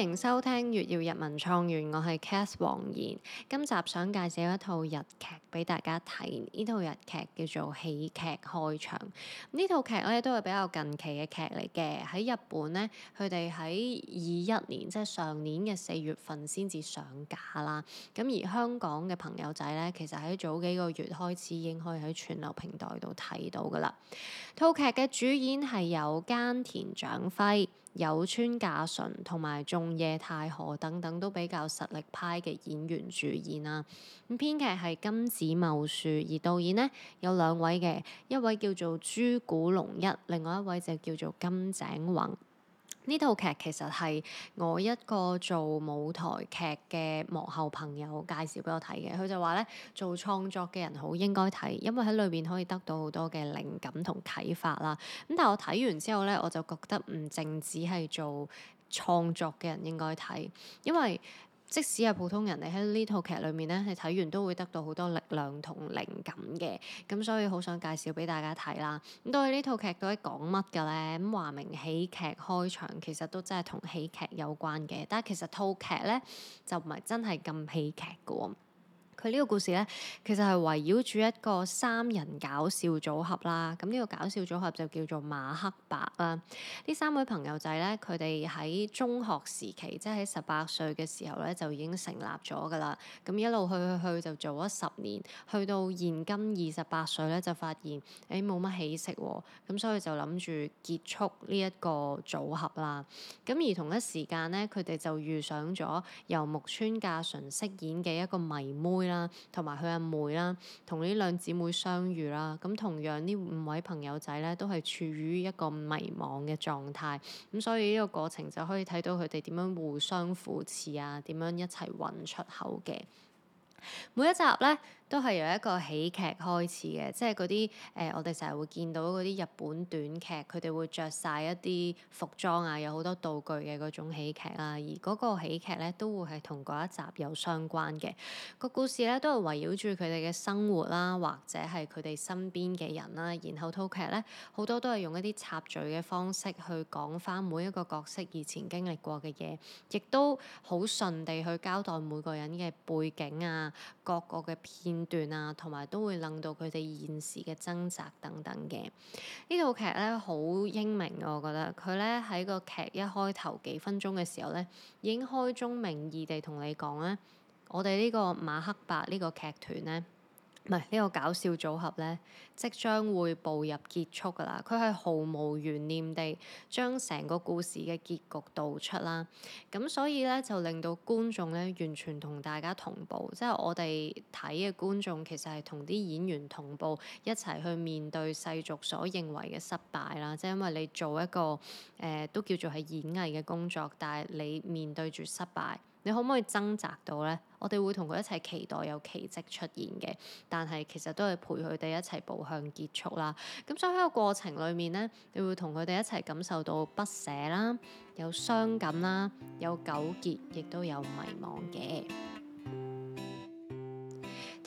歡迎收聽《月曜日文創園》，我係 Cath 黃妍。今集想介紹一套日劇俾大家睇，呢套日劇叫做《喜劇開場》。呢套劇咧都係比較近期嘅劇嚟嘅，喺日本呢，佢哋喺二一年，即係上年嘅四月份先至上架啦。咁而香港嘅朋友仔咧，其實喺早幾個月開始已經可以喺串流平台度睇到噶啦。套劇嘅主演係有菅田將暉。有村架純同埋仲野太賀等等都比較實力派嘅演員主演啦、啊。咁編劇係金子茂樹，而導演呢有兩位嘅，一位叫做豬古隆一，另外一位就叫做金井宏。呢套劇其實係我一個做舞台劇嘅幕後朋友介紹俾我睇嘅，佢就話呢，做創作嘅人好應該睇，因為喺裏邊可以得到好多嘅靈感同啟發啦。咁但係我睇完之後呢，我就覺得唔淨止係做創作嘅人應該睇，因為。即使係普通人，你喺呢套劇裏面咧，你睇完都會得到好多力量同靈感嘅，咁所以好想介紹俾大家睇啦。咁但係呢套劇到底講乜嘅咧？咁話明喜劇開場，其實都真係同喜劇有關嘅，但係其實套劇咧就唔係真係咁喜劇嘅。佢呢個故事咧，其實係圍繞住一個三人搞笑組合啦。咁呢個搞笑組合就叫做馬克白啦。呢三位朋友仔咧，佢哋喺中學時期，即係喺十八歲嘅時候咧，就已經成立咗㗎啦。咁一路去去去就做咗十年，去到現今二十八歲咧，就發現誒冇乜起色喎，哦。咁所以就諗住結束呢一個組合啦。咁而同一時間咧，佢哋就遇上咗由木村架純飾演嘅一個迷妹。啦，同埋佢阿妹啦，同呢兩姊妹相遇啦，咁同樣呢五位朋友仔咧，都係處於一個迷惘嘅狀態。咁所以呢個過程就可以睇到佢哋點樣互相扶持啊，點樣一齊揾出口嘅。每一集咧，都係由一個喜劇開始嘅，即係嗰啲誒，我哋成日會見到嗰啲日本短劇，佢哋會着晒一啲服裝啊，有好多道具嘅嗰種喜劇啊。而嗰個喜劇咧，都會係同嗰一集有相關嘅個故事咧，都係圍繞住佢哋嘅生活啦、啊，或者係佢哋身邊嘅人啦、啊。然後套劇咧，好多都係用一啲插敘嘅方式去講翻每一個角色以前經歷過嘅嘢，亦都好順地去交代每個人嘅背景啊。各個嘅片段啊，同埋都會令到佢哋現時嘅掙扎等等嘅。呢套劇咧，好英明，我覺得佢咧喺個劇一開頭幾分鐘嘅時候咧，已經開宗明義地同你講咧，我哋呢個馬克白呢個劇團咧。唔係呢個搞笑組合咧，即將會步入結束㗎啦。佢係毫無懸念地將成個故事嘅結局道出啦。咁所以咧，就令到觀眾咧完全同大家同步，即係我哋睇嘅觀眾其實係同啲演員同步一齊去面對世俗所認為嘅失敗啦。即係因為你做一個誒、呃、都叫做係演藝嘅工作，但係你面對住失敗，你可唔可以掙扎到咧？我哋會同佢一齊期待有奇蹟出現嘅，但係其實都係陪佢哋一齊步向結束啦。咁所以喺個過程裏面呢，你會同佢哋一齊感受到不捨啦，有傷感啦，有糾結，亦都有迷茫嘅。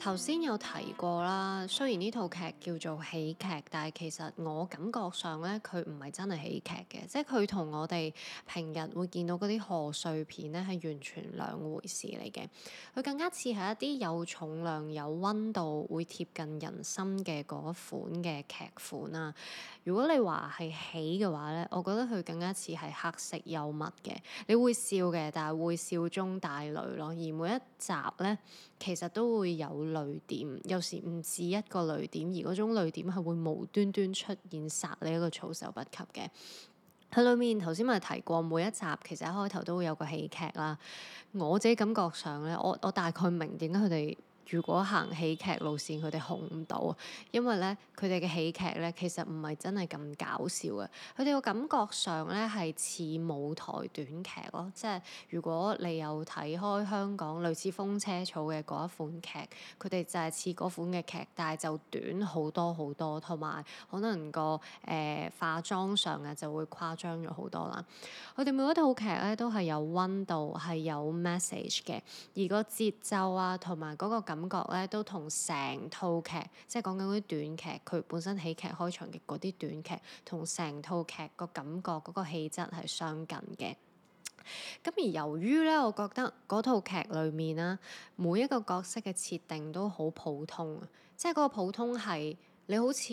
頭先有提過啦，雖然呢套劇叫做喜劇，但係其實我感覺上咧，佢唔係真係喜劇嘅，即係佢同我哋平日會見到嗰啲賀歲片咧係完全兩回事嚟嘅，佢更加似係一啲有重量、有温度、會貼近人心嘅嗰款嘅劇款啊。如果你話係喜嘅話呢，我覺得佢更加似係黑色幽默嘅，你會笑嘅，但係會笑中帶淚咯。而每一集呢，其實都會有淚點，有時唔止一個淚點，而嗰種淚點係會無端端出現，殺你一個措手不及嘅。喺裏面頭先咪提過，每一集其實開頭都會有個喜劇啦。我自己感覺上呢，我我大概明點解佢哋。如果行喜劇路線，佢哋紅唔到，啊，因為咧佢哋嘅喜劇咧其實唔係真係咁搞笑嘅，佢哋個感覺上咧係似舞台短劇咯，即係如果你有睇開香港類似風車草嘅嗰一款劇，佢哋就係似嗰款嘅劇，但係就短好多好多，同埋可能個誒、呃、化妝上啊就會誇張咗好多啦。佢哋每一套劇咧都係有溫度，係有 message 嘅，而個節奏啊同埋嗰個感。感覺咧都同成套劇，即係講緊嗰啲短劇，佢本身喜劇開場嘅嗰啲短劇，同成套劇個感覺嗰個氣質係相近嘅。咁而由於咧，我覺得嗰套劇裏面啦，每一個角色嘅設定都好普通，即係嗰個普通係你好似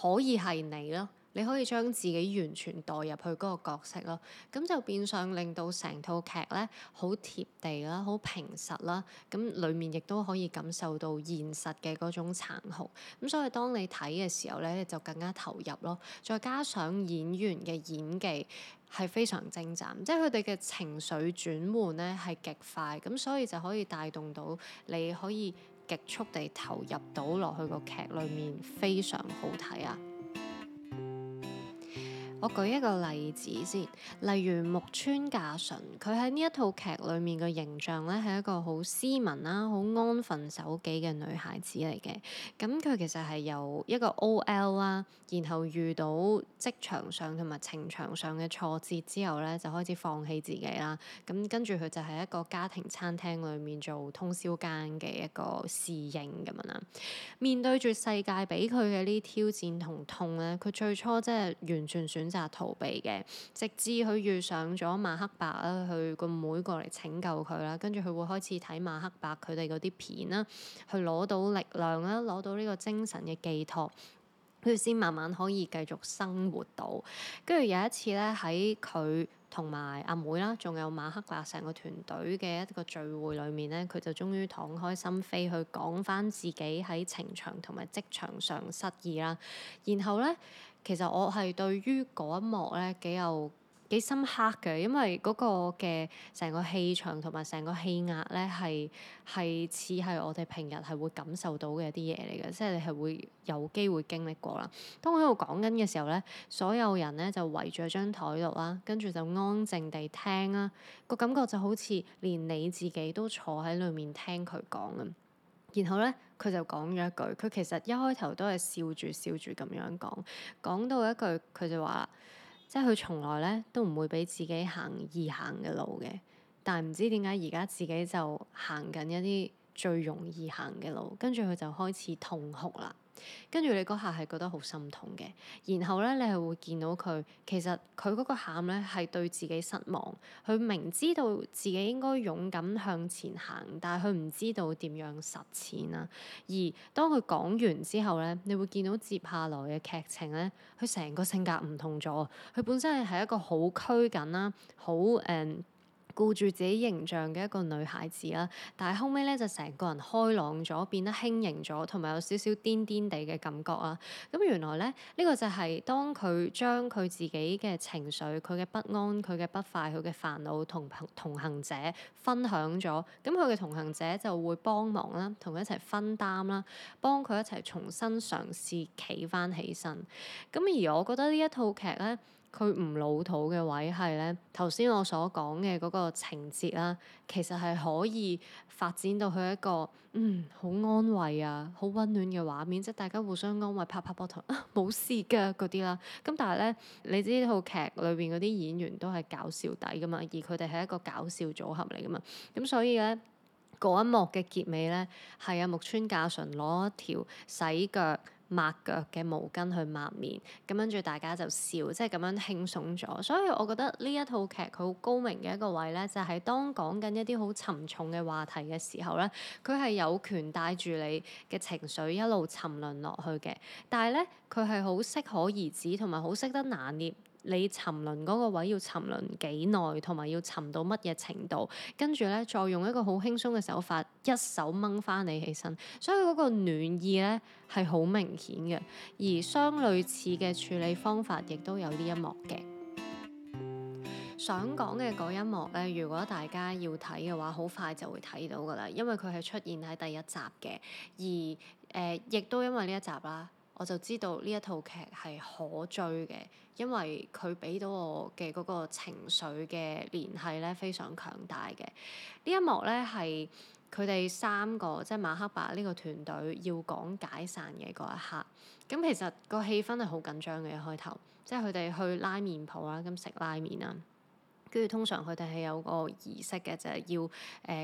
可以係你咯。你可以將自己完全代入去嗰個角色咯，咁就變相令到成套劇咧好貼地啦，好平實啦，咁裡面亦都可以感受到現實嘅嗰種殘酷，咁所以當你睇嘅時候咧就更加投入咯。再加上演員嘅演技係非常精湛，即係佢哋嘅情緒轉換咧係極快，咁所以就可以帶動到你可以極速地投入到落去個劇裡面，非常好睇啊！我舉一個例子先，例如木村架純，佢喺呢一套劇裏面嘅形象咧，係一個好斯文啦、好安分守己嘅女孩子嚟嘅。咁佢其實係由一個 OL 啦，然後遇到職場上同埋情場上嘅挫折之後咧，就開始放棄自己啦。咁跟住佢就喺一個家庭餐廳裏面做通宵更嘅一個侍應咁樣啦。面對住世界俾佢嘅呢啲挑戰同痛咧，佢最初即係完全選，就逃避嘅，直至佢遇上咗馬克白啦，佢個妹過嚟拯救佢啦，跟住佢會開始睇馬克白佢哋嗰啲片啦，去攞到力量啦，攞到呢個精神嘅寄託，佢先慢慢可以繼續生活到。跟住有一次咧，喺佢同埋阿妹啦，仲有馬克白成個團隊嘅一個聚會裏面咧，佢就終於敞開心扉去講翻自己喺情場同埋職場上失意啦，然後咧。其實我係對於嗰一幕咧幾有幾深刻嘅，因為嗰個嘅成個氣場同埋成個氣壓咧係係似係我哋平日係會感受到嘅一啲嘢嚟嘅，即係你係會有機會經歷過啦。當我喺度講緊嘅時候咧，所有人咧就圍住張台度啦，跟住就安靜地聽啦，個感覺就好似連你自己都坐喺裏面聽佢講噉。然後咧。佢就講咗一句，佢其實一開頭都係笑住笑住咁樣講，講到一句佢就話，即係佢從來呢都唔會俾自己行易行嘅路嘅，但係唔知點解而家自己就行緊一啲最容易行嘅路，跟住佢就開始痛哭啦。跟住你嗰下係覺得好心痛嘅，然後呢，你係會見到佢其實佢嗰個喊呢，係對自己失望，佢明知道自己應該勇敢向前行，但係佢唔知道點樣實踐啦。而當佢講完之後呢，你會見到接下來嘅劇情呢，佢成個性格唔同咗，佢本身係一個好拘謹啦，好誒。呃顧住自己形象嘅一個女孩子啦，但係後尾咧就成個人開朗咗，變得輕盈咗，同埋有少少癲癲地嘅感覺啊！咁原來咧，呢個就係當佢將佢自己嘅情緒、佢嘅不安、佢嘅不快、佢嘅煩惱同同行者分享咗，咁佢嘅同行者就會幫忙啦，同佢一齊分擔啦，幫佢一齊重新嘗試企翻起身。咁而我覺得呢一套劇咧～佢唔老土嘅位係呢，頭先我所講嘅嗰個情節啦，其實係可以發展到去一個嗯好安慰啊、好溫暖嘅畫面，即係大家互相安慰、拍拍膊頭，冇事噶嗰啲啦。咁但係呢，你知套劇裏邊嗰啲演員都係搞笑底噶嘛，而佢哋係一個搞笑組合嚟噶嘛，咁所以呢，嗰一幕嘅結尾呢，係阿木村架純攞條洗腳。抹腳嘅毛巾去抹面，咁跟住大家就笑，即係咁樣輕鬆咗。所以我覺得呢一套劇佢好高明嘅一個位咧，就係、是、當講緊一啲好沉重嘅話題嘅時候咧，佢係有權帶住你嘅情緒一路沉淪落去嘅，但係咧佢係好適可而止，同埋好識得拿捏。你沉淪嗰個位要沉淪幾耐，同埋要沉到乜嘢程度，跟住呢，再用一個好輕鬆嘅手法一手掹翻你起身，所以嗰個暖意呢係好明顯嘅。而相類似嘅處理方法亦都有呢一幕嘅。想講嘅嗰一幕呢，如果大家要睇嘅話，好快就會睇到㗎啦，因為佢係出現喺第一集嘅。而誒、呃，亦都因為呢一集啦。我就知道呢一套劇係可追嘅，因為佢俾到我嘅嗰個情緒嘅聯繫咧非常強大嘅。呢一幕咧係佢哋三個即係、就是、馬克白呢個團隊要講解散嘅嗰一刻，咁其實個氣氛係好緊張嘅。一開頭，即係佢哋去拉麵鋪啊，咁食拉麵啊。跟住通常佢哋係有個儀式嘅，就係、是、要誒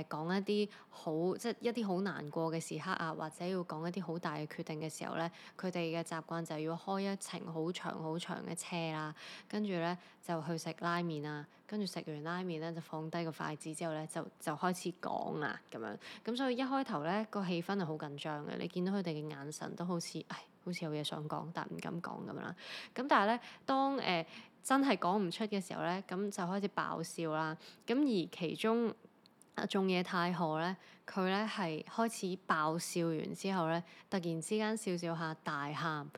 講、呃、一啲好，即係一啲好難過嘅時刻啊，或者要講一啲好大嘅決定嘅時候呢，佢哋嘅習慣就係要開一程好長好長嘅車啦，跟住呢，就去食拉麵啦，跟住食完拉麵呢，就放低個筷子之後呢，就就開始講啦，咁樣，咁所以一開頭呢，個氣氛係好緊張嘅，你見到佢哋嘅眼神都好似，唉，好似有嘢想講但唔敢講咁樣啦，咁但係呢，當誒。呃真係講唔出嘅時候咧，咁就開始爆笑啦。咁而其中啊，仲野太賀咧，佢咧係開始爆笑完之後咧，突然之間笑笑下大喊，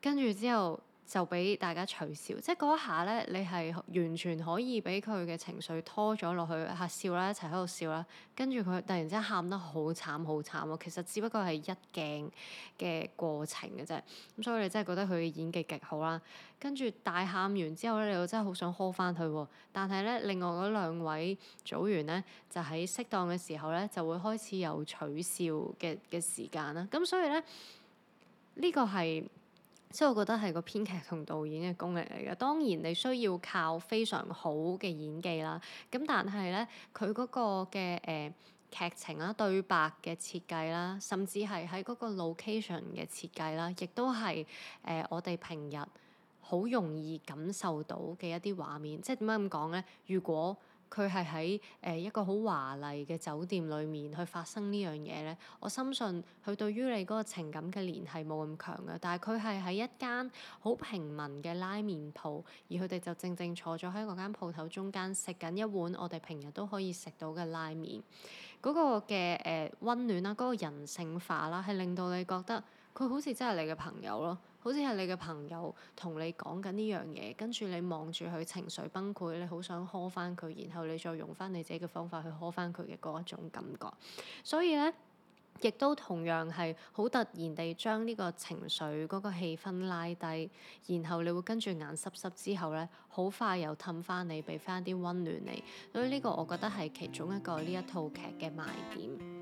跟住之後。就俾大家取笑，即係嗰一下呢，你係完全可以俾佢嘅情緒拖咗落去吓笑啦，一齊喺度笑啦，跟住佢突然之間喊得好慘好慘喎，其實只不過係一鏡嘅過程嘅啫，咁所以你真係覺得佢嘅演技極好啦。跟住大喊完之後呢，你又真係好想呵返佢喎，但係呢，另外嗰兩位組員呢，就喺適當嘅時候呢，就會開始有取笑嘅嘅時間啦，咁所以呢，呢個係。即係我覺得係個編劇同導演嘅功力嚟嘅，當然你需要靠非常好嘅演技啦。咁但係咧，佢嗰個嘅誒、呃、劇情啦、對白嘅設計啦，甚至係喺嗰個 location 嘅設計啦，亦都係誒我哋平日好容易感受到嘅一啲畫面。即係點解咁講咧？如果佢係喺誒一個好華麗嘅酒店裏面去發生呢樣嘢咧，我深信佢對於你嗰個情感嘅聯繫冇咁強㗎，但係佢係喺一間好平民嘅拉麵鋪，而佢哋就正正坐咗喺嗰間鋪頭中間食緊一碗我哋平日都可以食到嘅拉麵，嗰個嘅誒温暖啦，嗰個人性化啦，係令到你覺得佢好似真係你嘅朋友咯。好似係你嘅朋友同你講緊呢樣嘢，跟住你望住佢情緒崩潰，你好想呵翻佢，然後你再用翻你自己嘅方法去呵翻佢嘅嗰一種感覺。所以呢，亦都同樣係好突然地將呢個情緒嗰個氣氛拉低，然後你會跟住眼濕濕之後呢，好快又氹翻你，俾翻啲温暖你。所以呢個我覺得係其中一個呢一套劇嘅賣點。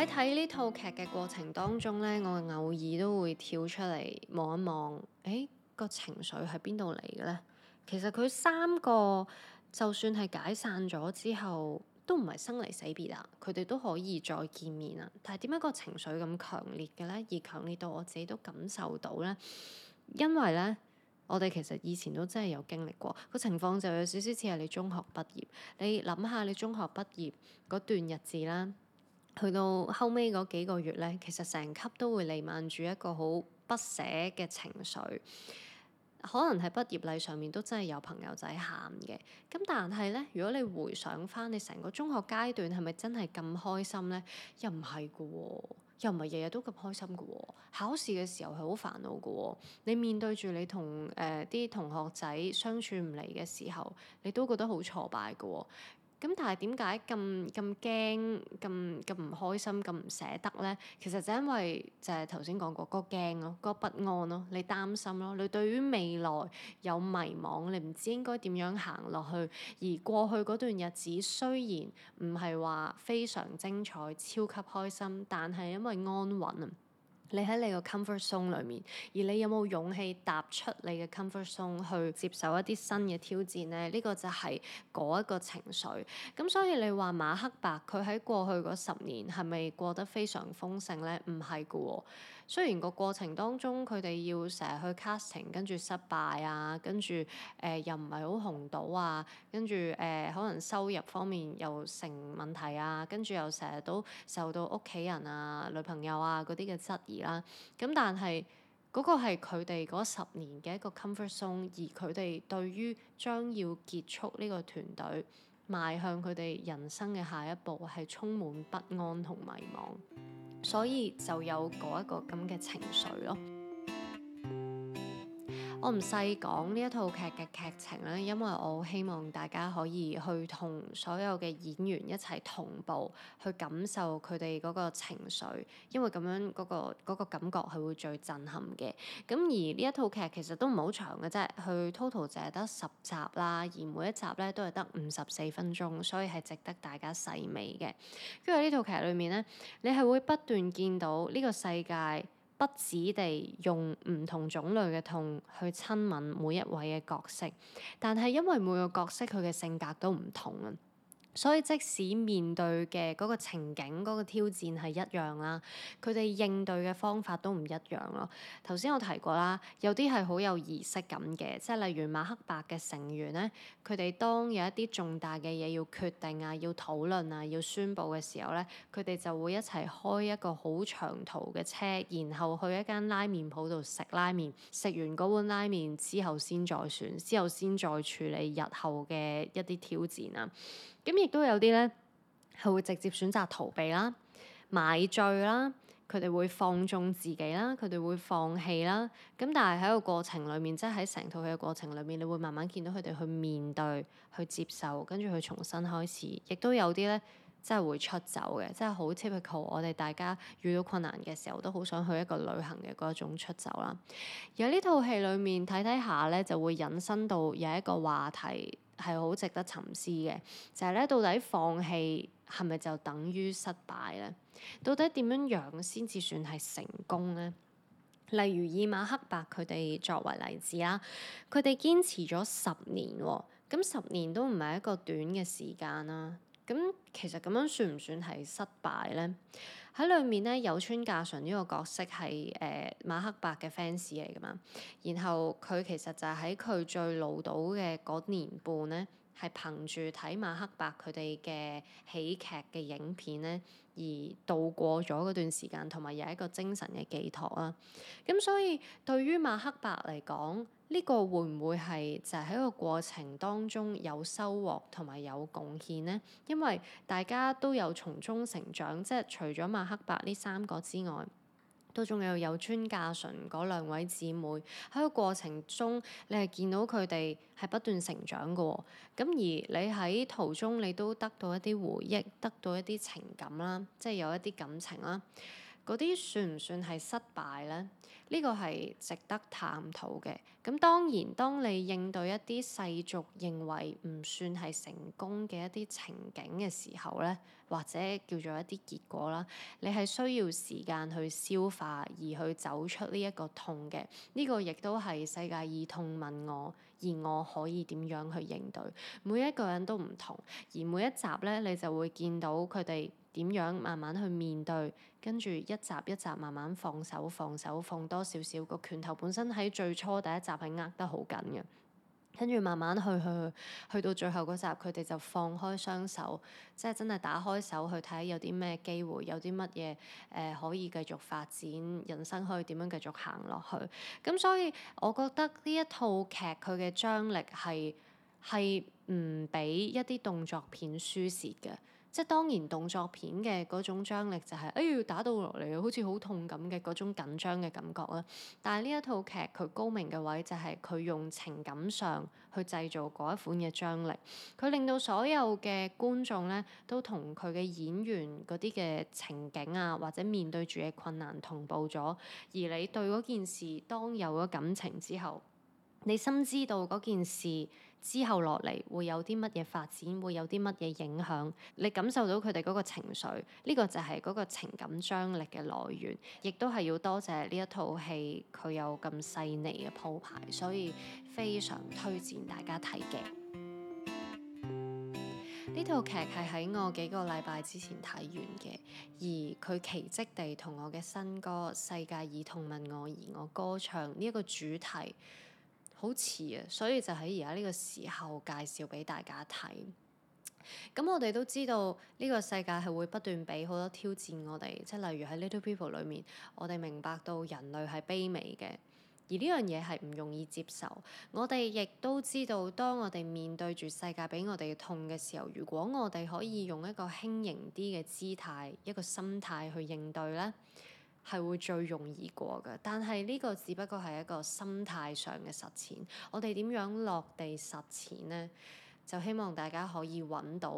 喺睇呢套劇嘅過程當中呢，我偶爾都會跳出嚟望一望，誒個情緒喺邊度嚟嘅呢？其實佢三個就算係解散咗之後，都唔係生離死別啊，佢哋都可以再見面啊。但係點解個情緒咁強烈嘅呢？而強烈到我自己都感受到呢？因為呢，我哋其實以前都真係有經歷過個情況，就有少少似係你中學畢業。你諗下你中學畢業嗰段日子啦。去到後尾嗰幾個月呢，其實成級都會瀰漫住一個好不捨嘅情緒，可能喺畢業禮上面都真係有朋友仔喊嘅。咁但係呢，如果你回想返你成個中學階段，係咪真係咁開心呢？又唔係㗎喎，又唔係日日都咁開心㗎喎。考試嘅時候係好煩惱㗎喎，你面對住你同誒啲同學仔相處唔嚟嘅時候，你都覺得好挫敗㗎喎。咁但係點解咁咁驚咁咁唔開心咁唔捨得咧？其實就因為就係頭先講過嗰個驚咯，嗰個不安咯，你擔心咯，你對於未來有迷茫，你唔知應該點樣行落去。而過去嗰段日子雖然唔係話非常精彩、超級開心，但係因為安穩啊。你喺你個 comfort zone 裏面，而你有冇勇氣踏出你嘅 comfort zone 去接受一啲新嘅挑戰呢？呢個就係嗰一個情緒。咁所以你話馬克白佢喺過去嗰十年係咪過得非常豐盛呢？唔係㗎喎。雖然個過程當中，佢哋要成日去 casting，跟住失敗啊，跟住誒、呃、又唔係好紅到啊，跟住誒、呃、可能收入方面又成問題啊，跟住又成日都受到屋企人啊、女朋友啊嗰啲嘅質疑啦。咁但係嗰、嗰個係佢哋嗰十年嘅一個 comfort zone，而佢哋對於將要結束呢個團隊，邁向佢哋人生嘅下一步係充滿不安同迷茫。所以就有嗰一個咁嘅情緒咯。我唔細講呢一套劇嘅劇情咧，因為我希望大家可以去同所有嘅演員一齊同步去感受佢哋嗰個情緒，因為咁樣嗰個嗰個感覺係會最震撼嘅。咁而呢一套劇其實都唔好長嘅啫，佢 total 就係得十集啦，而每一集咧都係得五十四分鐘，所以係值得大家細味嘅。跟住呢套劇裏面咧，你係會不斷見到呢個世界，不止地用唔同種類嘅痛去親吻每一位嘅角色，但係因為每個角色佢嘅性格都唔同啊。所以，即使面對嘅嗰個情景、嗰、嗰個挑戰係一樣啦，佢哋應對嘅方法都唔一樣咯。頭先我提過啦，有啲係好有儀式感嘅，即係例如馬克白嘅成員咧，佢哋當有一啲重大嘅嘢要決定啊、要討論啊、要宣佈嘅時候咧，佢哋就會一齊開一個好長途嘅車，然後去一間拉麵鋪度食拉麵，食完嗰碗拉麵之後先再算，之後先再，再處理日後嘅一啲挑戰啊。咁亦都有啲咧，係會直接選擇逃避啦、買醉啦，佢哋會放縱自己啦，佢哋會放棄啦。咁但係喺個過程裏面，即係喺成套戲嘅過程裏面，你會慢慢見到佢哋去面對、去接受，跟住去重新開始。亦都有啲咧，即係會出走嘅，即係好 typical。我哋大家遇到困難嘅時候，都好想去一個旅行嘅嗰一種出走啦。而喺呢套戲裏面睇睇下咧，就會引申到有一個話題。係好值得沉思嘅，就係咧，到底放棄係咪就等於失敗咧？到底點樣養先至算係成功咧？例如以馬克白佢哋作為例子啦，佢哋堅持咗十年喎，咁十年都唔係一個短嘅時間啦，咁其實咁樣算唔算係失敗咧？喺裏面呢，有村架純呢個角色係誒、呃、馬克白嘅 fans 嚟噶嘛，然後佢其實就喺佢最老到嘅嗰年半呢，係憑住睇馬克白佢哋嘅喜劇嘅影片呢而度過咗嗰段時間，同埋有一個精神嘅寄託啊。咁所以對於馬克白嚟講，呢個會唔會係就喺一個過程當中有收穫同埋有貢獻呢？因為大家都有從中成長，即係除咗馬克白呢三個之外，都仲有有村架純嗰兩位姊妹喺個過程中，你係見到佢哋係不斷成長嘅喎。咁而你喺途中你都得到一啲回憶，得到一啲情感啦，即係有一啲感情啦，嗰啲算唔算係失敗呢？呢個係值得探討嘅。咁當然，當你應對一啲世俗認為唔算係成功嘅一啲情景嘅時候呢，或者叫做一啲結果啦，你係需要時間去消化而去走出呢一個痛嘅。呢個亦都係世界以痛問我，而我可以點樣去應對？每一個人都唔同，而每一集呢，你就會見到佢哋。點樣慢慢去面對，跟住一集一集慢慢放手、放手放多少少，個拳頭本身喺最初第一集係握得好緊嘅，跟住慢慢去去去，去到最後嗰集，佢哋就放開雙手，即係真係打開手去睇有啲咩機會，有啲乜嘢誒，可以繼續發展人生，可以點樣繼續行落去。咁所以我覺得呢一套劇佢嘅張力係係唔比一啲動作片輸蝕嘅。即係當然動作片嘅嗰種張力就係、是、哎唷打到落嚟，好似好痛咁嘅嗰種緊張嘅感覺啦。但係呢一套劇佢高明嘅位就係佢用情感上去製造嗰一款嘅張力，佢令到所有嘅觀眾呢，都同佢嘅演員嗰啲嘅情景啊或者面對住嘅困難同步咗，而你對嗰件事當有咗感情之後。你深知道嗰件事之後落嚟會有啲乜嘢發展，會有啲乜嘢影響，你感受到佢哋嗰個情緒呢、這個就係嗰個情感張力嘅來源，亦都係要多謝呢一套戲佢有咁細膩嘅鋪排，所以非常推薦大家睇嘅。呢套劇係喺我幾個禮拜之前睇完嘅，而佢奇蹟地同我嘅新歌《世界以痛吻我，而我歌唱》呢一個主題。好遲呀，所以就喺而家呢個時候介紹俾大家睇。咁我哋都知道呢個世界係會不斷俾好多挑戰我哋，即係例如喺 Little People 裏面，我哋明白到人類係卑微嘅，而呢樣嘢係唔容易接受。我哋亦都知道，當我哋面對住世界俾我哋嘅痛嘅時候，如果我哋可以用一個輕盈啲嘅姿態、一個心態去應對呢。係會最容易過㗎，但係呢個只不過係一個心態上嘅實踐。我哋點樣落地實踐呢？就希望大家可以揾到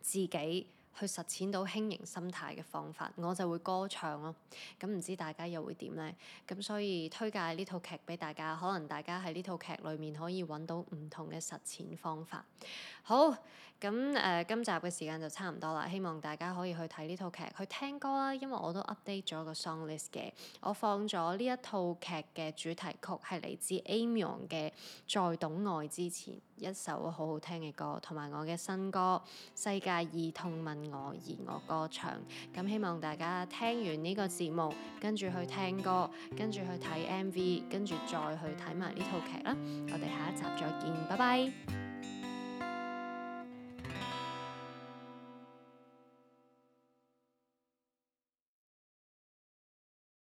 自己，去實踐到輕盈心態嘅方法，我就會歌唱咯、哦。咁唔知大家又會點呢？咁所以推介呢套劇俾大家，可能大家喺呢套劇裏面可以揾到唔同嘅實踐方法。好，咁誒、呃，今集嘅時間就差唔多啦，希望大家可以去睇呢套劇去聽歌啦，因為我都 update 咗個 song list 嘅，我放咗呢一套劇嘅主題曲係嚟自 Aimyon 嘅《在懂愛之前》，一首好好聽嘅歌，同埋我嘅新歌《世界以痛吻》我而我歌唱，咁希望大家聽完呢個節目，跟住去聽歌，跟住去睇 MV，跟住再去睇埋呢套劇啦。我哋下一集再見，拜拜。